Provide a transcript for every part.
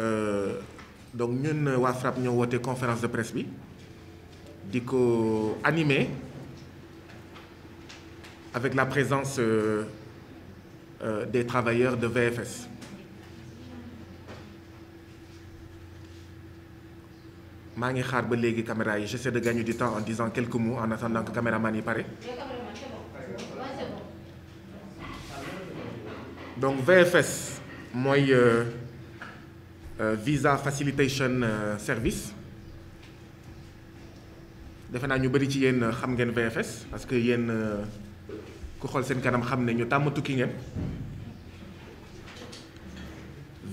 Euh, donc ñun euh, waa FRAPP ñoo woote conférence de presse bi di ko animé avec la présence euh, euh, des travailleurs de VFS maa ngi xaar ba léegi caméra yi j'essaie de gagner du temps en disant quelques mots en attendant que caméraman yi pare donc VFS mooy. Euh, Euh, visa facilitation euh, service defe naa ñu bëri ci yéen euh, xam ngeen VFS parce que yéen ku xool seen kanam xam ne ñu tàmm tukki ngeen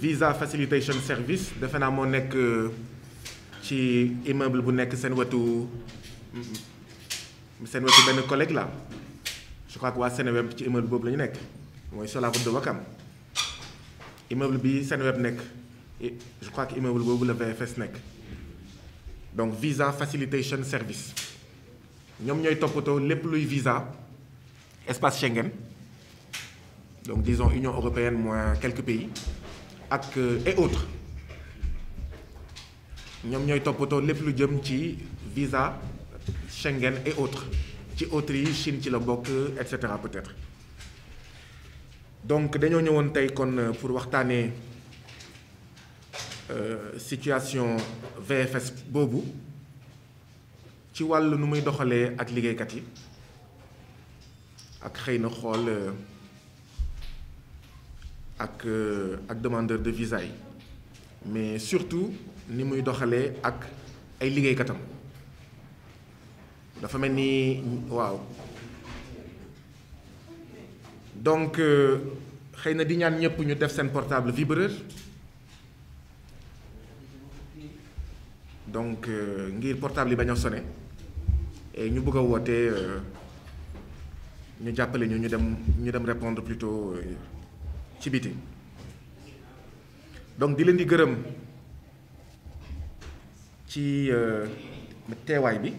visa facilitation service defe naa moo nekk ci immeuble bu nekk seen wetu mm-hmm, seen wetu benn collègue la je crois que waa Seneweb ci immeuble boobu lañu nekk mooy sur la route de Ouakam immeuble bi Seneweb nekk. et je crois que immeuble boobu la VFS nekk donc visa facilitation service ñoom ñooy toppatoo lépp luy visa espace Schengen donc disons Union européenne moins quelques pays ak euh, et autres ñoom ñooy toppatoo lépp lu jëm ci visa Schengen et autres ci autres yi Chine ci la bokk et cetera peut donc dañoo ñëwoon tey kon euh, pour waxtaanee. Euh, situation VFS boobu ci wàll nu muy doxalee ak liggéeykat yi ak xëy na xool euh, ak euh, ak demandeur de visa yi mais surtout ni muy doxalee ak ay liggéeykatam dafa mel ni waaw donc xëy na di ñaan ñëpp ñu def seen portable vibreur donc euh, ngir portable yi bañ a sonné ñu bugg a woote euh, ñu jàppale ñu ñu dem ñu dem répondre plutôt euh, ci biti donc di leen di gërëm ci teewaay bi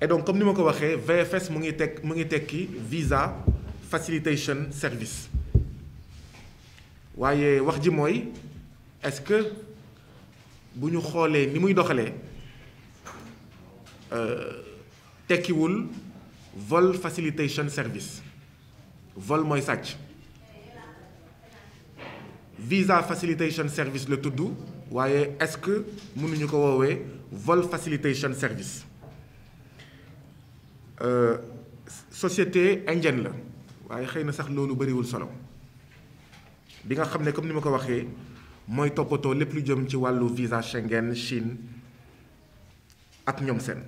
et donc comme ni ma ko waxee VFS mu ngi tekk mu ngi tekki visa facilitation service waaye wax ji mooy est-ce que bu ñu xoolee ni muy doxalee euh, tekkiwul vol facilitation service vol mooy sàcc visa facilitation service la tudd waaye est-ce que mënuñu ko woowee vol facilitation service euh, société indienne la waaye xëy na sax loolu bariwul solo bi nga xam ne comme ni ma ko waxee. mooy toppatoo lépp lu jëm ci wàllu visa Schengen Chine ak ñoom seen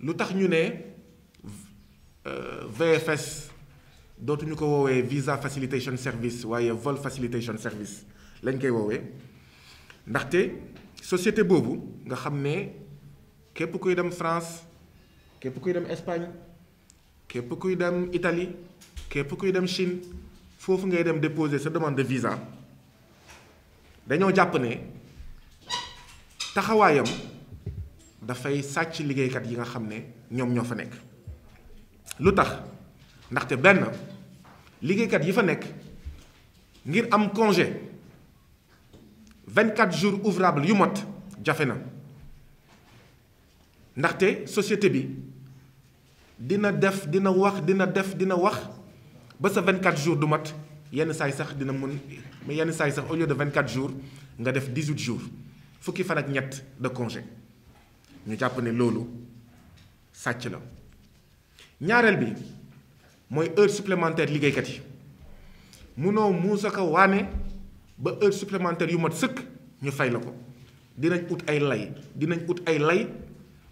lu tax ñu ne euh, VFS dootuñu ko woowee visa facilitation service waaye vol facilitation service lañ koy woowee ndaxte société boobu nga xam ne képp kuy dem France képp kuy dem Espagne képp kuy dem Italie képp kuy dem Chine foofu ngay dem déposer sa demande de visa. dañoo jàpp ne taxawaayam dafay sàcc liggéeykat yi nga xam ne ñoom ñoo fa nekk lu tax ndaxte benn liggéeykat yi fa nekk ngir am congé 24 jours ouvrables yu mot jafe na ndaxte société bi dina def dina wax dina def dina wax ba sa 24 jours du mat yenn saay sax dina mun yenn saay sax au lieu de 24 jours nga def 18 jours fukki fan ak ñett de congé ñu jàpp ne loolu sàcc la ñaareel bi mooy heure supplémentaire liggéeykat yi munoo muusa ko waane ba heure supplémentaire yu mat sëkk ñu fay la ko dinañ ut ay lay dinañ ut ay lay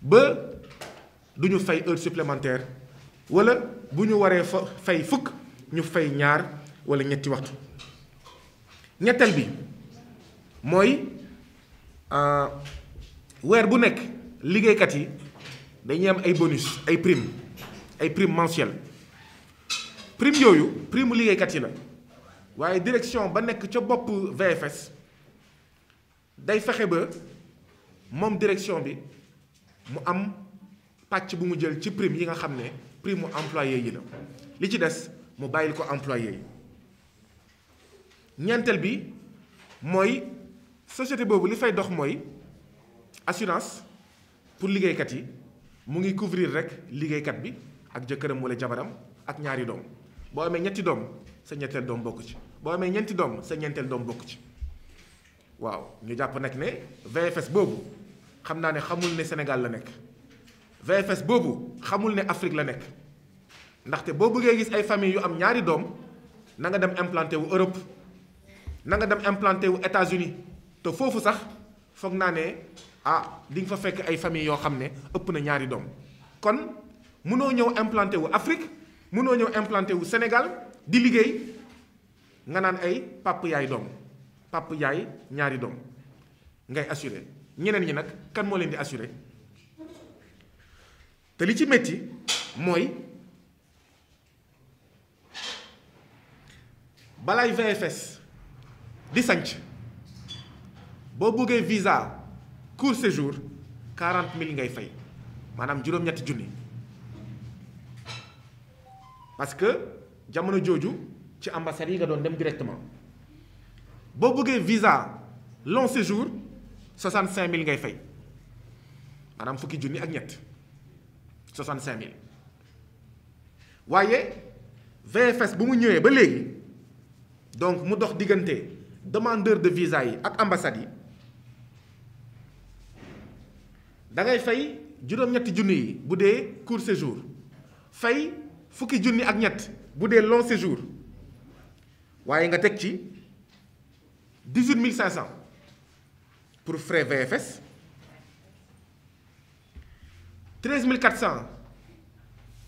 ba duñu ñu fay heure supplémentaire wala bu ñu waree fa fay fukk ñu fay ñaar wala ñetti waxtu ñetteel bi mooy euh, weer bu nekk liggéeykat yi dañuy am ay bonus ay prime ay prime mensuelle prime yooyu prime liggéeykat yi la waaye direction ba nekk ca bopp VFS day fexe ba moom direction bi mu am pàcc bu mu jël ci prime yi nga xam ne prime mu employé yi la li ci des mu bàyyil ko employé yi ñeenteel bi mooy société boobu li fay dox mooy assurance pour liggéeykat yi mu ngi couvrir rek liggéeykat bi ak jëkkëram wala jabaram ak ñaari doom boo amee ñetti doom sa ñetteel doom bokk ci boo amee ñeenti doom sa doom bokk ci waaw ñu jàpp nag ne VFS boobu xam naa ne xamul ne Sénégal la nekk VFS boobu xamul ne Afrique la nekk ndaxte boo bëggee gis ay famille yu am ñaari doom na nga dem implanté wu Europe na nga dem implanté wu états uni te foofu sax foog naa ne ah di fa fekk ay famille yoo xam ne ëpp na ñaari doom kon mënoo ñëw implanté wu Afrique munoo ñëw implanté wu senegal di liggéey nga naan ay pàpp yaay doom pàpp yaay ñaari doom ngay assuré ñeneen ñi nag kan moo leen di assuré te li ci metti mooy balaay VFS di sanc boo bëggee visa court séjour quarante mille ngay fay maanaam juróom-ñetti junni parce que jamono jooju ci ambassade yi nga doon dem directement boo bëggee visa long séjour soixante cinq mille ngay fay maanaam fukki junni ak ñett soixante cinq mille waaye VFS bu mu ñëwee ba léegi donc mu dox diggante. demandeur de visa yi ak ambassade yi da ngay fay juróom-ñetti junni yi bu dee court séjour fay fukki junni ak ñett bu dee long séjour waaye nga teg ci dix-huit mille cinq cent pour frais VFS treize mille quatre cent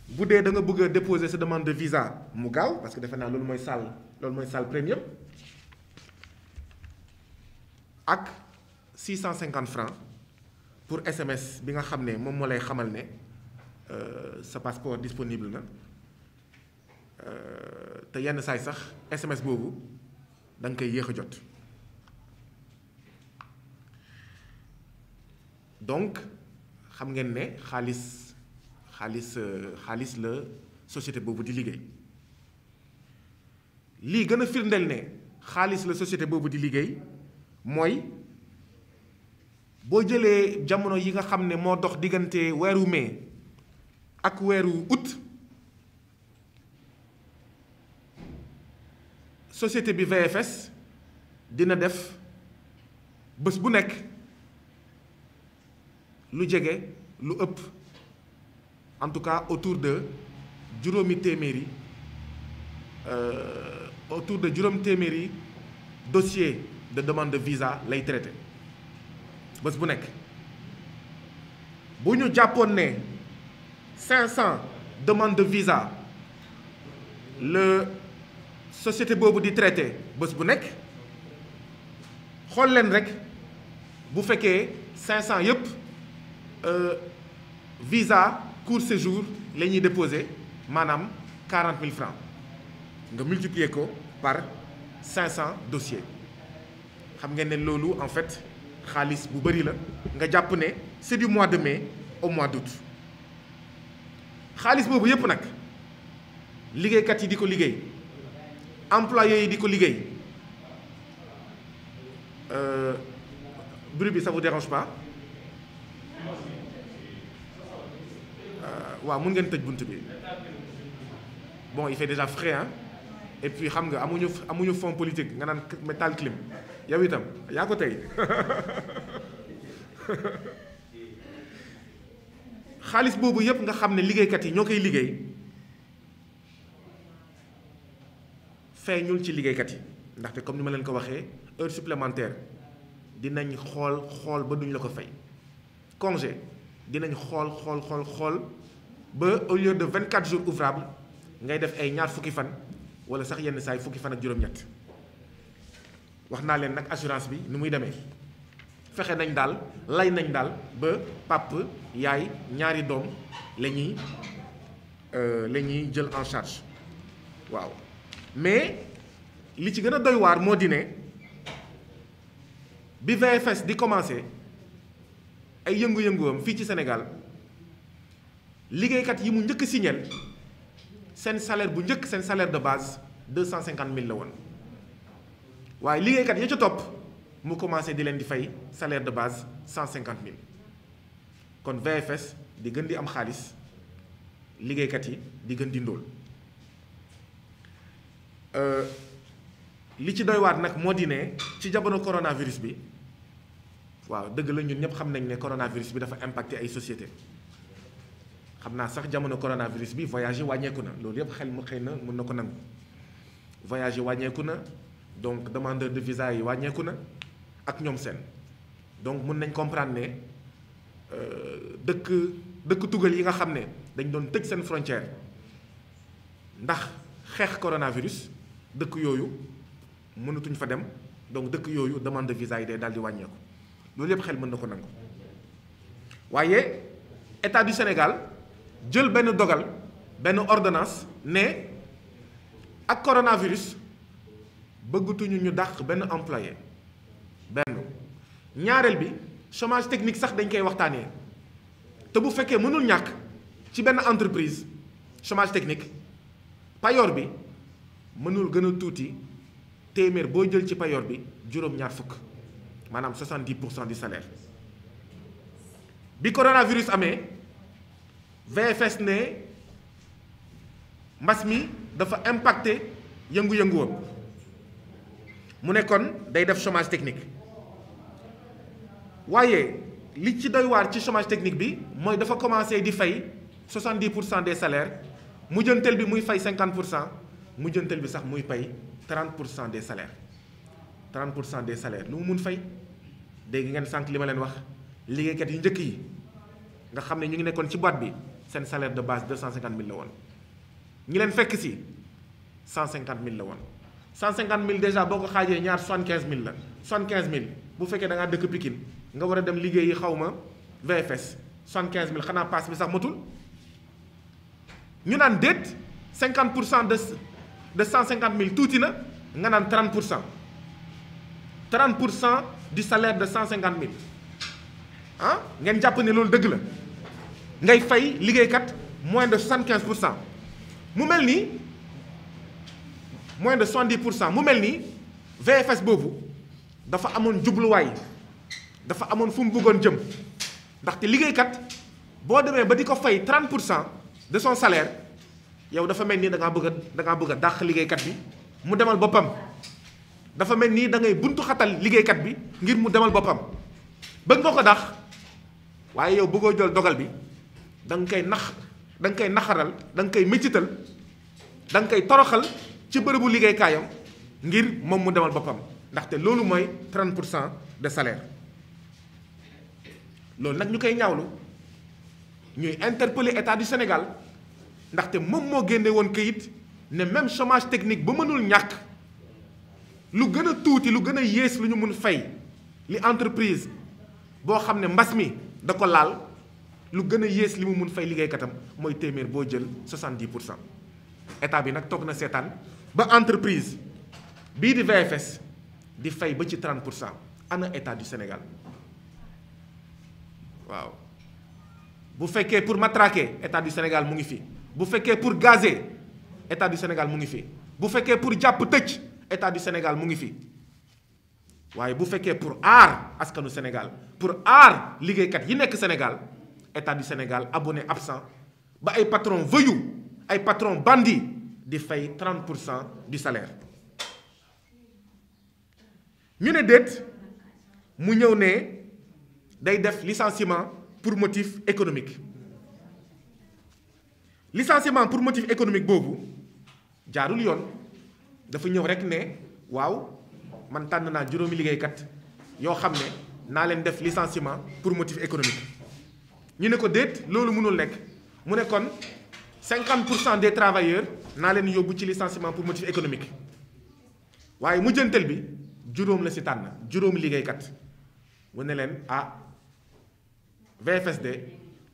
bu dee da nga bëgg a déposer sa demande de visa mu gaaw parce que defe naa loolu mooy salle loolu mooy salle premium ak cent cinquante francs pour SMS bi nga xam ne moom moo lay xamal ne euh, sa passeport disponible na euh, te yenn saay sax SMS boobu da nga koy yéex a jot donc xam ngeen ne xaalis xaalis euh, xaalis la société boobu di liggéey lii gën a firndeel ne xaalis la société boobu di liggéey mooy boo jëlee jamono yi nga xam ne moo dox diggante weeru mai ak weeru août société bi VFS dina def bés bu nekk lu jege lu ëpp en tout cas autour de juróomi téeméeri euh, autour de juróom téeméeri dossier demande de visa lay traité bés bu nekk bu ñu jàppoon ne 500 demande de visa le société boobu di traité bés bu nekk xool leen rek bu fekkee 500 yëpp euh, visa court séjour la ñuy déposé maanaam 40 000 francs nga multiplier ko par 500 dossiers. xam nga ne loolu en fait xaalis bu bari la nga jàpp ne c'est du mois de mai au mois d'août xaalis boobu yépp nag liggéeykat yi di ko liggéey employés yi di ko liggéey euh, bruit bi ça vous dérange euh, waaw mun ngeen tëj bunt bi bon il fait déjà frais hein et puis xam nga amuñu amuñu fond politique nga naan métal clim yow itam yaa ko tey xaalis boobu yépp nga xam ne liggéeykat yi ñoo koy liggéey feeñul ci liggéeykat yi ndaxte comme ni ma leen ko waxee heure supplémentaire dinañ xool xool ba duñ la ko fay congé dinañ xool xool xool xool ba au lieu de vingt quatre jours ouvrable ngay def ay ñaar fukki fan wala sax yenn saay fukki fan ak juróom-ñett wax naa leen nag assurance bi nu muy demee fexe nañ daal lay nañ daal ba pàpp yaay ñaari doom la ñuy euh, la ñuy jël en charge waaw mais li ci gën a doy moo di ne bi VFS di commencé ay yëngu-yënguwam fii ci Sénégal liggéeykat yi mu njëkk signeel seen salaire bu njëkk seen salaire de base deux cent cinquante mille la woon waaye liggéeykat ya ca topp mu commencé di leen di fay salaire de base cent cinquante mil kon VFS di gën di am xaalis liggéeykat yi di gën di ndóol euh, li ci doy nag moo di ne ci jamono coronavirus bi waaw dëgg la ñun ñëpp xam nañ ne coronavirus bi dafa impact ay société xam naa sax jamono coronavirus bi voyage yi wàññeeku na loolu yëpp xel mu xëy na mën na ko nangu voyage yi wàññeeku na. donc demandeur de visa yi wàññeeku na ak ñoom seen donc mun nañ comprendre ne euh, dëkk dëkk tugal yi nga xam ne dañ doon tëj seen frontière ndax xeex coronavirus dëkk yooyu mënatuñ fa dem donc dëkk yooyu demande de visa yi de daal di wàññeeku loolu yëpp xel mën na ko nangu waaye état du Sénégal jël benn dogal benn ordonnance ne ak coronavirus bëggatuñu ñu dàq benn employé benn ñaareel bi chômage technique sax dañ koy waxtaanee te bu fekkee mënul ñàkk ci benn entreprise chômage technique payoor bi mënul gën a tuuti téeméer boo jël ci payoor bi juróom-ñaar fukk maanaam 70 pour cent di salaire bi coronavirus amee VFS ne mbas mi dafa impacté yëngu-yëngu woon mu nekkoon day def chômage technique waaye li ci doy ci chômage technique bi mooy dafa commencé di fay 70 pour cent des salaires mujjantel bi muy fay 50 pour cent mujjantel bi sax muy pay trente pour cent des salaires 30 pour cent des salaires lu mu mun fay dégg ngeen sànq li ma leen wax liggéeykat yi njëkk yi nga xam ne ñu ngi nekkoon ci boîte bi seen salaire de base 250 000 la woon ñi leen fekk si 150 000 la woon. cent cinquante mille déjà boo ko xaajee ñaar cent quinze mille la soixante quinze mille bu fekkee da ngaa dëkk Pikine nga war a dem liggéeyi xaw ma VFS soixante quinze mille xanaa paas bi sax matul ñu naan déet cinquante pour cent de de cent cinquante mille tuuti na nga naan trente pour cent trente pour cent di salaire de cent cinquante mille ah ngeen jàpp ne loolu dëgg la ngay fay liggéeykat moins de soixante quinze pour cent mu mel nii moins de 70 pour cent mu mel nii VFS boobu dafa amoon jubluwaay dafa amoon fu mu bëggoon jëm ndaxte liggéeykat boo demee ba di ko fay 30 pour cent de son salaire yow dafa mel nii da ngaa bëgg a da bëgg dàq liggéeykat bi mu demal boppam. dafa mel nii da ngay buntu xatal liggéeykat bi ngir mu demal boppam bëgg nga ko dàq waaye yow bëggoo jël dogal bi da nga koy nax danga koy naxaral da nga koy méccital da nga koy toroxal. ci bërëbu liggéeykaayam ngir moom mu demal boppam ndaxte loolu mooy 30 pour cent de salaire loolu nag ñu koy ñaawlu ñuy interpeller état du Sénégal ndaxte moom moo génne woon këyit ne même chômage technique ba mënul ñàkk lu gën a tuuti lu gën a yées lu ñu mun fay li entreprise boo xam ne mbas mi da ko laal lu gën a yées li mu mun fay liggéeykatam mooy téeméer boo jël 70 pour cent état bi nag toog na seetaan. ba entreprise bii di VFS di fay ba ci 30 pour cent ana état du Sénégal waaw bu fekkee pour matraquer état du Sénégal mu ngi fi bu fekkee pour gazer état du Sénégal mu ngi fi bu fekkee pour jàpp tëj état du Sénégal mu ngi fi waaye bu fekkee pour aar askanu Sénégal pour aar liggéeykat yi nekk Sénégal état du Sénégal abonné absent ba ay patron voyou ay patron bandit di fay 30 pour cent du salaire ñu ne déet mu ñëw ne day def licenciement pour motif économique licenciement pour motif économique boobu jaarul yoon dafa ñëw rek ne waaw man tànn naa juróomi liggéeykat yoo xam ne naa leen def licenciement pour motif économique ñu ne ko déet loolu mënul nekk mu ne kon cinquante pour cent des travailleurs naa leen yóbbu ci licenciement pour motif économique waaye mujjanteel bi juróom la si tànn juróomi liggéeykat mu ne leen ah VFSD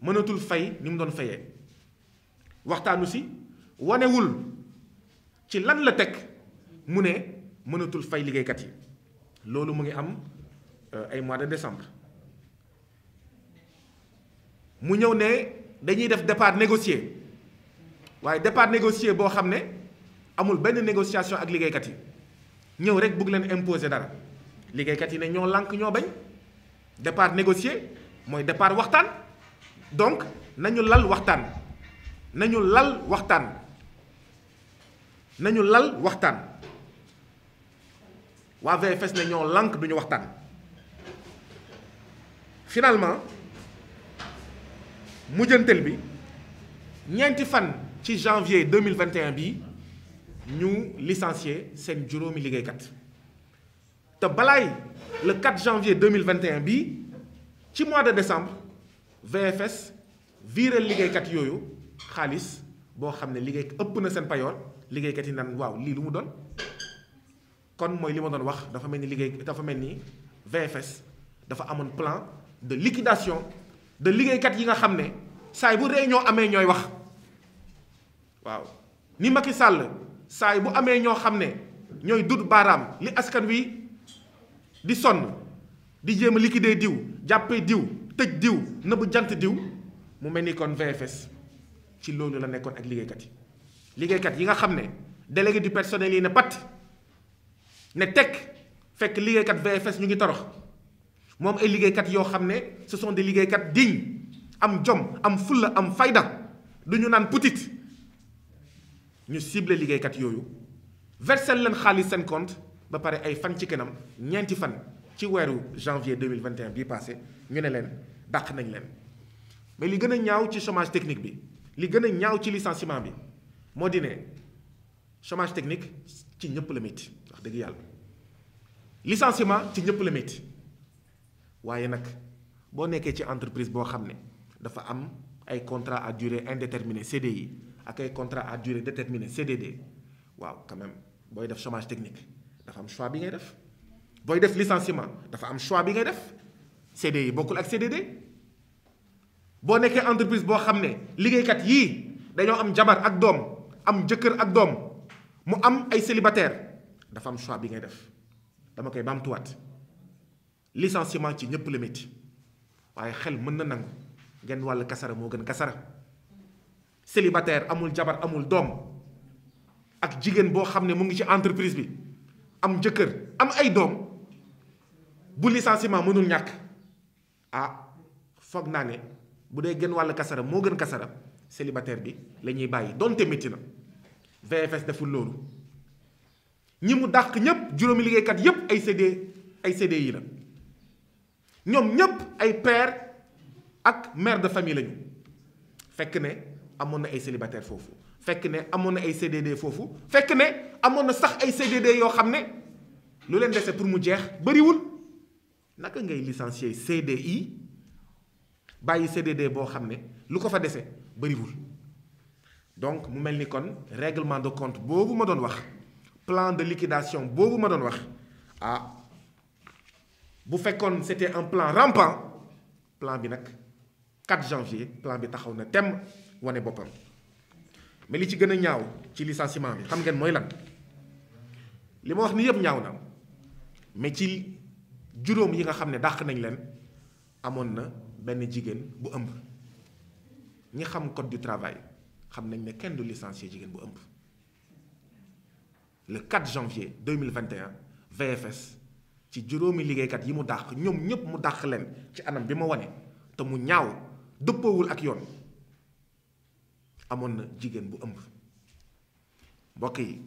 mënatul fay ni mu doon fayee waxtaanu si wanewul ci lan la teg mu ne mënatul fay liggéeykat yi loolu mu ngi am euh, ay mois de décembre mu ñëw ne dañuy def départ négocié waaye départ négocié boo xam ne amul benn négociation ak liggéeykat yi ñëw rek bugg leen imposer dara liggéeykat yi ne ñoo lànk ñoo bañ départ négocié mooy départ waxtaan donc nañu lal waxtaan nañu lal waxtaan nañu lal waxtaan waa VFS ne ñoo lànk duñu waxtaan finalement mujjantel bi ñeenti fan ci janvier 2021 bi ñu licencié seen juróomi liggéeykat te balaay le 4 janvier 2021 bi ci mois de décembre VFS viré liggéeykat yooyu xaalis boo xam ne liggéey ëpp na seen payoor liggéeykat yi naan waaw lii lu mu doon kon mooy li ma doon wax dafa mel ni liggéey dafa mel ni VFS dafa amoon plan de liquidation de liggéeykat yi nga xam ne saay bu ñoo amee ñooy wax waaw ni Macky sàll saay bu amee ñoo xam ne ñooy dut baaraam li askan wi di sonn di jéem a liquider diw jàppee diw tëj diw nëbb jant diw mu mel ni kon VFS ci loolu la nekkoon ak liggéeykat yi liggéeykat yi nga xam ne délégué di personnel yi ne pat ne teg fekk liggéeykat VFS ñu ngi torox moom ay liggéeykat yoo xam ne ce sont des liggéeykat dignes am jom am fulla am fayda du naan petit ñu cible liggéeykat yooyu versel leen xaalis cinquante compte ba pare ay fan ci kanam ñeenti fan ci weeru janvier 2021 bii passé ñu ne leen dàq nañ leen mais li gën a ñaaw ci chômage technique bi li gën a ñaaw ci licenciement bi moo di ne chômage technique ci ñëpp la métti wax dëgg yàlla licenciement ci ñëpp la métti waaye nag boo nekkee ci entreprise boo xam ne dafa am ay contrat à durée indéterminée yi ak ay contrat à durée déterminée CDD waaw quand même booy def chômage technique dafa am choix bi ngay def booy def licenciement dafa am choix bi ngay def yi bokkul ak CDD boo nekkee entreprise boo xam ne liggéeykat yii dañoo am jabar ak doom am jëkkër ak doom mu am ay célibataire dafa am choix bi ngay def dama koy baamtuwaat licenciement ci ñëpp la métti waaye xel mën na nangu genn wàll kasara moo gën kasara célibataire amul jabar amul doom ak jigéen boo xam ne mu ngi ci entreprise bi am jëkkër am ay doom bu licenciement mënul ñàkk ah foog naa ne bu dee gën wàll kasara moo gën kasara célibataire bi lañuy bàyyi donte métti na VFS deful loolu ñi mu dàq ñépp juróomi liggéeykat yépp ay CD ay CD yi la ñoom ñépp ay père ak mère de famille lañu fekk ne amoon na ay célibataire foofu fekk ne amoon na ay CDD foofu fekk ne amoon na sax ay CDD yoo xam ne lu leen dese pour mu jeex bëriwul naka ngay licencier CDI bàyyi CDD boo xam ne lu ko fa dese bëriwul donc mu mel ni kon réglement de compte boobu ma doon wax plan de liquidation boobu ma doon wax ah bu fekkoon c'était un plan rampant plan bi nag 4 janvier plan bi taxaw na temm wane boppam mais li ci gën a ñaaw ci licenciement bi xam ngeen mooy lan li ma wax ni yëpp ñaaw na mais ci juróom yi nga xam ne dàq nañ leen amoon na benn jigéen bu ëmb ñi xam code du travail xam nañ ne kenn du licencier jigéen bu ëmb le 4 janvier 2021 VFS ci juróomi liggéeykat yi mu dàq ñoom ñëpp mu dàq leen ci anam bi ma wane te mu ñaaw dëppowul ak yoon amoon na jigéen bu ëmb mbokk yi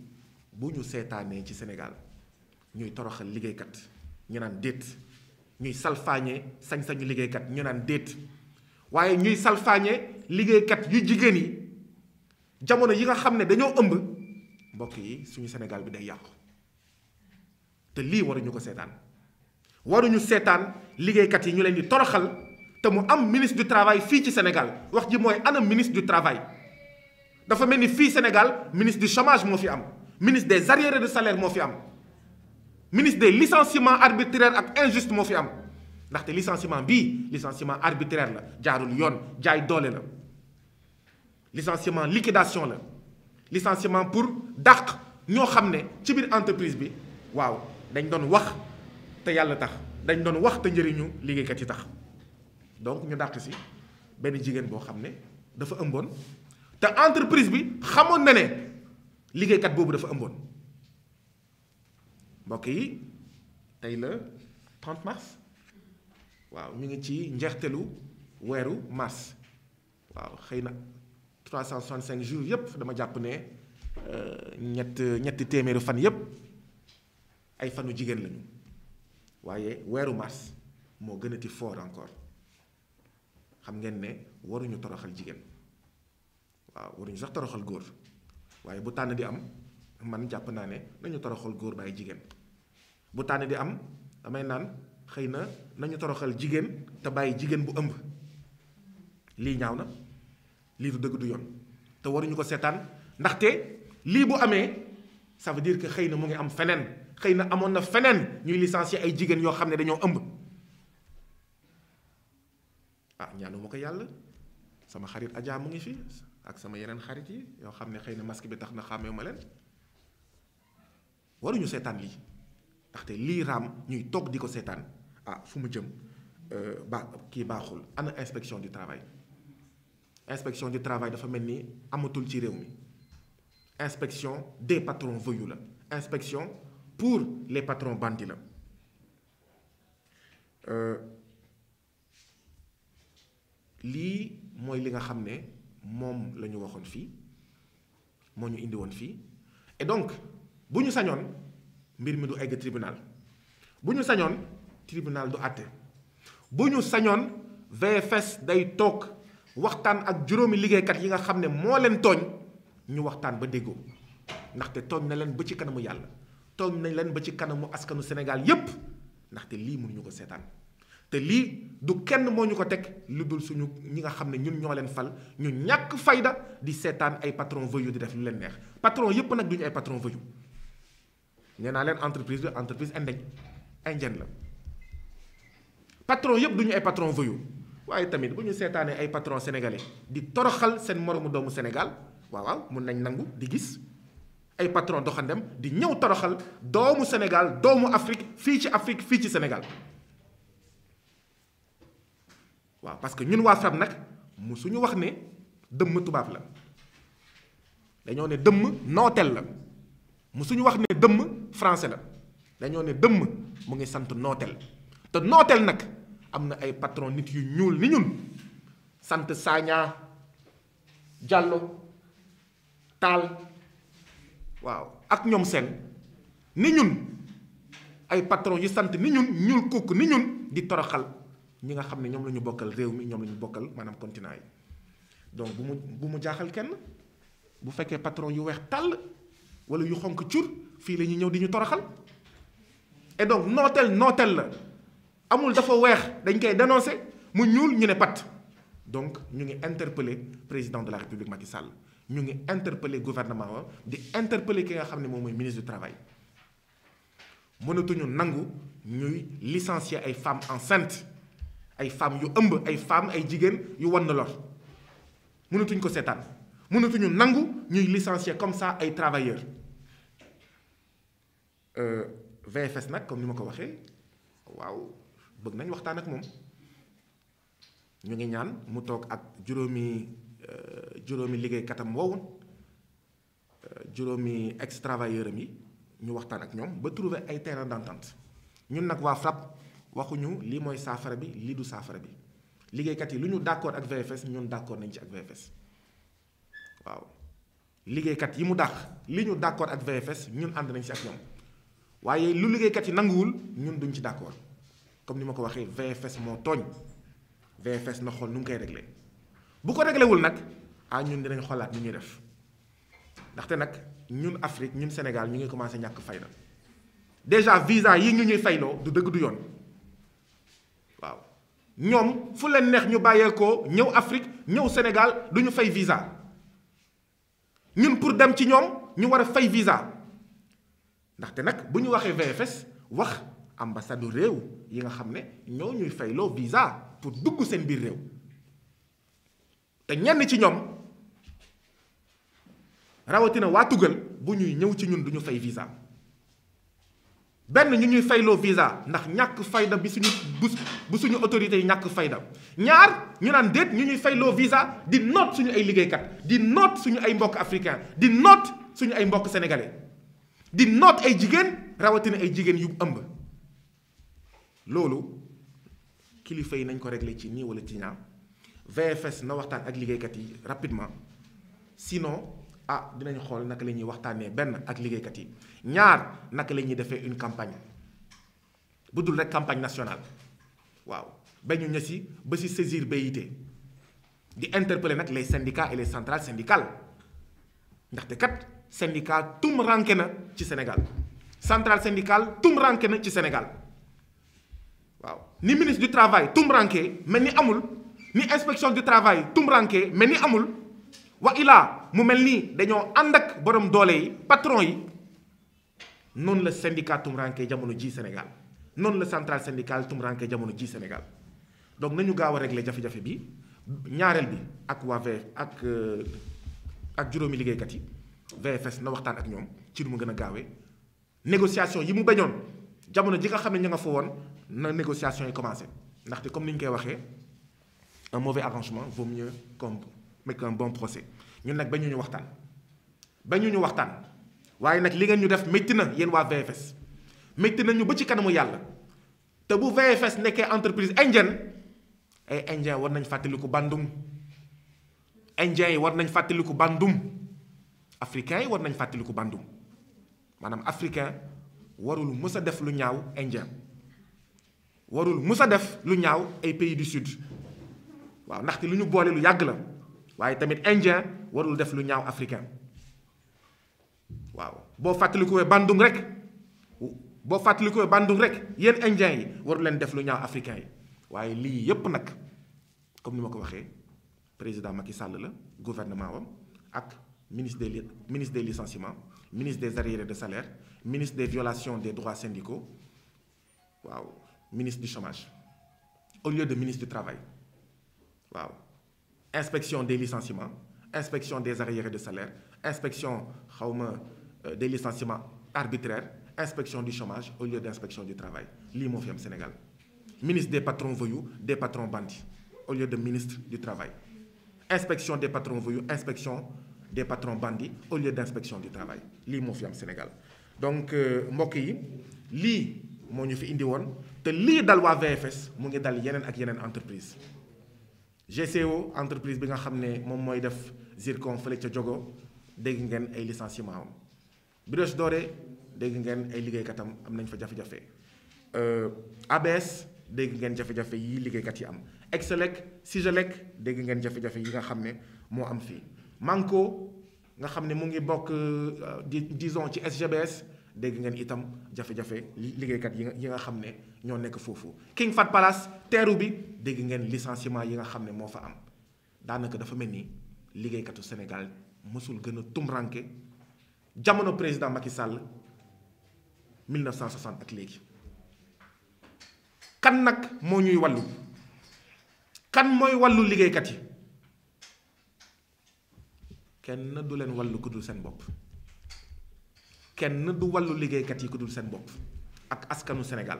bu ñu seetaanee ci Sénégal ñuy toroxal liggéeykat ñu naan déet ñuy salfaañee sañ-sañu liggéeykat ñu naan déet waaye ñuy salfaañee liggéeykat yu jigéen yi jamono yi nga xam ne dañoo ëmb mbokk yi suñu Sénégal bi day yàqu te lii waruñu ko seetaan waruñu seetaan liggéeykat yi ñu leen di toroxal te mu am ministre du travail fii ci Sénégal wax ji mooy ana ministre du travail dafa mel ni fii Sénégal ministre du chômage moo fi am ministre des arriérés de salaire moo fi am ministre des licenciements arbitraires ak injuste moo fi am ndaxte licenciement bii licenciement arbitraire la jaarul yoon jaay doole la licenciement liquidation la licenciement pour dàq ñoo xam ne ci biir entreprise bi waaw dañ doon wax te yàlla tax dañ doon wax te njëriñu liggéeykat yi tax donc ñu dàq si benn jigéen boo xam ne dafa ëmboon te entreprise bi xamoon na ne liggéeykat boobu dafa ëmboon mbokk yi tey la 30 mars waaw ñu ngi ci njeextelu weeru mars waaw xëy na cent 365 jours yépp dama jàpp ne euh, ñett ñetti téeméeru fan yépp ay fanu jigéen lañu waaye weeru mars moo gënati fort encore xam ngeen ne waruñu toroxal jigéen waaw ah, waruñu sax toroxal góor waaye bu tànn di am man jàpp naa ne nañu toroxal góor bàyyi jigéen bu tànn di am damay naan xëy na nañu toroxal jigéen te bàyyi jigéen bu ëmb lii ñaaw na lii du dëgg du yoon te waruñu ko seetaan ndaxte lii bu amee ça veut que xëy na mu ngi am feneen xëy na amoon na feneen ñuy licencier ay jigéen yoo xam ne dañoo ëmb ah ñaanu ma ko yàlla sama xarit Adja mu ngi fi ak sama yeneen xarit yi yoo xam ne xëy na masque bi tax na xàmmee ma leen waruñu seetaan lii ndaxte lii raam ñuy toog di ko seetaan ah fu mu jëm euh, ba kii baaxul ana inspection du travail inspection du travail dafa mel ni amatul ci réew mi inspection des patrons voyous la inspection pour les patrons bandits la euh, lii mooy li nga xam ne moom la ñu waxoon fii moo ñu indi woon fii et donc bu ñu sañoon mbir mi du egg tribunal bu ñu sañoon tribunal du àtte bu ñu sañoon VFS day toog waxtaan ak juróomi liggéeykat yi nga xam ne moo leen tooñ ñu waxtaan ba déggoo ndaxte tooñ na leen ba ci kanamu yàlla tooñ nañ leen ba ci kanamu askanu Sénégal yépp ndaxte lii mënuñu ko seetaan te lii du kenn moo ñu ko teg lu dul suñu ñi nga xam ne ñun ñoo leen fal ñu ñàkk fayda di seetaan ay patron voyou di def lu leen neex patron yépp nag du ñu ay patron voyou nee naa leen entreprise bi entreprise indienne indienne la patron yépp du ñu patron voyou waaye tamit bu ñu seetaanee ay patron sénégalais di toroxal seen moroomu doomu Sénégal waaw waaw mun nañ nangu di gis ay patron doxandem di ñëw toroxal doomu Sénégal doomu Afrique fii ci Afrique fii ci Sénégal waaw parce que ñun waa FRAPP nag mu suñu wax ne dëmm tubaab la dañoo ne dëmm nooteel la mu suñu wax ne dëmm français la dañoo ne dëmm mu ngi sant nooteel te nooteel nag am na ay patron nit yu ñuul ni ñun sant Sagna jàlloo Tall waaw ak ñoom seen ni ñun ay patron yu sant ni ñun ñuul kukk ni ñun di toroxal ñi nga xam ne ñoom la ñu bokkal réew mi ñoom la ñu bokkal maanaam continent yi donc bu mu bu mu jaaxal kenn bu fekkee patron yu weex tàll wala yu xonq cur fii la ñuy ñëw di ñu toroxal et donc nooteel nootel la amul dafa weex dañ koy dénoncer mu ñuul ñu ne pat donc ñu ngi interpeller président de la république Macky Sall ñu ngi interpeller gouvernement wa di interpeller ki nga xam ne moom mooy ministre du travail mënatuñu nangu ñuy licencier ay femmes enceintes. ay femmes yu ëmb ay femmes ay jigéen yu wan na lor mënatuñ ko seetaan mënatuñu nangu ñuy licencier comme sax ay travailleurs euh, VFS nag comme ni ma ko waxee waaw bëgg nañ waxtaan ak moom ñu ngi ñaan mu toog ak juróomi euh, juróomi liggéeykatam woowu euh, juróomi ex travailleur yi ñu waxtaan ak ñoom ba trouver ay terrain d'entente ñun nag waa FRAPP waxuñu lii mooy saafara bi lii du saafara bi liggéeykat yi lu ñu d'accord ak VFS ñun d'accord nañ ci ak VFS waaw liggéeykat yi mu dàq li ñu d'accord ak VFS ñun ànd nañ ci ak ñoom waaye lu liggéeykat yi nanguwul ñun duñ ci d'accord comme ni ma ko waxee VFS moo tooñ VFS na xool nu mu koy régler bu ko réglé nag ah ñun dinañ xolaat ni ñuy def ndaxte nag ñun Afrique ñun senegal ñu ngi commencé ñàkk fayda déjà visa yi ñu ñuy fayloo du dëgg du yoon. waaw ñoom fu leen neex ñu bàyyeekoo ñëw Afrique ñëw Sénégal du ñu fay visa ñun pour dem ci ñoom ñu war a fay visa ndaxte nag bu ñu waxee VFS wax ambassade réew yi nga xam ne ñoo ñuy fayloo visa pour dugg seen biir réew te ñenn ci ñoom rawatina waa tugal bu ñuy ñëw ci ñun du ñu fay visa. benn ñu ñuy fayloo visa ndax ñàkk fayda bi suñu bu suñu autorités yi ñàkk fayda ñaar ñu naan déet ñu ñuy fayloo visa di noot suñu ay liggéeykat di noot suñu ay mbokk africain di noot suñu ay mbokk sénégalais di noot ay jigéen rawatina ay jigéen yu ëmb loolu kilifa yi nañ ko régler ci nii wala ci ñaar VFS na waxtaan ak liggéeykat yi rapidement sinon ah dinañ xool naka la ñuy waxtaanee benn ak liggéeykat yi ñaar naka la ñuy defee une campagne bu dul rek campagne nationale waaw ba ñu ña si ba si saisir BIT di interpeller nag lay syndicats et les centrales syndicales ndaxte kat syndicat tum ranke na ci Sénégal centrale syndicale tum ranke na ci Sénégal waaw ni ministre du travail tum ranke mel ni amul ni inspection du travail tum ranke mel ni amul. wa ilaa mu mel nii dañoo ànd ak borom doole yi patron yi noonu la syndicat tumuraanke jamono ji Sénégal noonu la centrale syndicale tumuraanke jamono ji Sénégal donc nañu gaaw a régler jafe-jafe bi ñaareel bi ak waa VF ak euh, ak juróomi liggéeykat yi VFS na waxtaan ak ñoom ci nu mu gën a gaawee négociation yi mu bañoon jamono ji nga xam ne ñu nga fa woon na négociation yi commencé ndaxte comme ni ñu koy waxee un mauvais arrangement vaut mieux mais qu'un bon procès ñun nag bañu ñu waxtaan bañu ñu waxtaan waaye nag li ngeen ñu def métti na yéen waa VFS métti na ñu ba ci kanamu yàlla te bu VFS nekkee entreprise indienne ay indien war nañ fàttaliku bandum indien yi war nañ fàttaliku bandum africain yi war nañ fàttaliku bandum maanaam africain warul mës a def lu ñaaw indien warul musa def lu ñaaw ay pays du sud waaw ndaxte lu ñu boole lu yàgg la waaye tamit indien warul def lu ñaaw africain waaw boo fàttalikuwee bandung rek boo fàttalikuwee bandung rek yéen indien yi waru leen def lu ñaaw africain yi waaye lii yépp nag comme ni ma ko waxee président Macky Sall la gouvernement wam ak ministre des ministre des licenciements ministre des arriérés de salaire ministre des violations des droits syndicaux waaw ministre du chômage au lieu de ministre du travail waaw inspection des licenciements inspection des arriérés de salaire inspection xawma euh, des licenciements arbitraires inspection du chômage au lieu d' inspection du travail lii moo fi am Sénégal ministre des patrons voyous des patrons bandits au lieu de ministre du travail inspection des patrons voyous inspection des patrons bandits au lieu de inspection du travail lii moo fi am Sénégal donc euh, mbokk yi lii moo ñu fi indi woon te lii dal waa VFS mu ngi dal yeneen ak yeneen entreprise GCO entreprise bi nga xam ne moom mooy def zircon fële ca jogo dégg ngeen ay licenciement am Brioche Dorée dégg ngeen ay liggéeykatam am nañ fa jafe-jafe euh, ABS dégg ngeen jafe-jafe yi liggéeykat yi am Excelec Sigelec dégg ngeen jafe-jafe yi nga xam ne moo am fii Manco nga xam ne mu ngi bokk euh, di dison ci SGBS dégg ngeen itam jafe-jafe liggéeykat yi nga yi nga xam ne ñoo nekk foofu King fat Palace teeru bi dégg ngeen licenciement yi nga xam ne moo fa am daanaka dafa mel ni liggéeykatu senegal mosul gën a tumranke jamono président Macky Sall 1960 ak léegi kan nag moo ñuy wàllu kan mooy wàllu liggéeykat yi kenn du leen wàllu ku dul seen bopp kenn du wallu liggéeykat yi ku dul seen bopp ak askanu Sénégal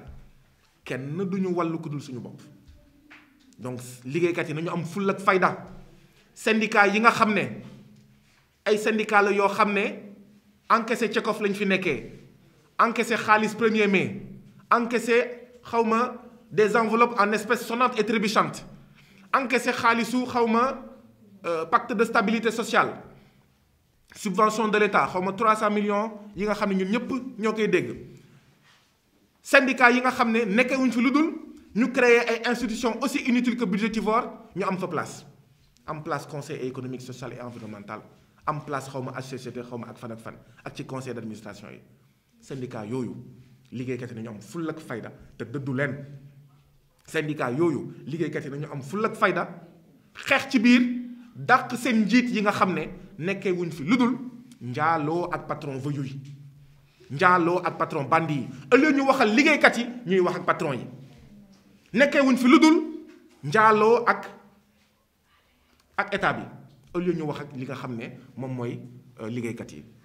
kenn du ñu wàllu ku dul suñu bopp donc liggéeykat yi nañu am full ak fayda syndicat yi nga xam ne ay syndicat la yoo xam ne encaissé cekof lañ fi nekkee encaissé xaalis premier mai encaissé xawma des enveloppes en espèces sonnantes et trébuchantes encaissé xaalisu xawma euh, pacte de stabilité sociale subvention de l'État xaw ma 300 millions yi nga xam ne ñun ñëpp ñoo koy dégg syndicat yi nga xam ne nekkewuñ fi lu dul ñu créer ay institutions aussi inutiles que budgétivores ñu am fa place am place conseil économique social et environnemental am place xaw ma HCCT ak fan ak fan ak ci conseil d'administration yi syndicat yooyu liggéeykat yi nañu am full ak fayda te dëddu leen syndicat yooyu liggéeykat yi nañu am ful ak fayda xeex ci biir dàq seen njiit yi nga xam ne nekkee wuñ fi lu dul njaaloo ak patron voyou yi njaaloo ak patron bandi yi ëllëg ñu waxal liggéeykat yi ñuy wax ak patron yi nekkee wuñ fi lu dul njaaloo ak ak état bi ëllëg ñu wax ak li nga xam ne moom mooy euh, liggéeykat yi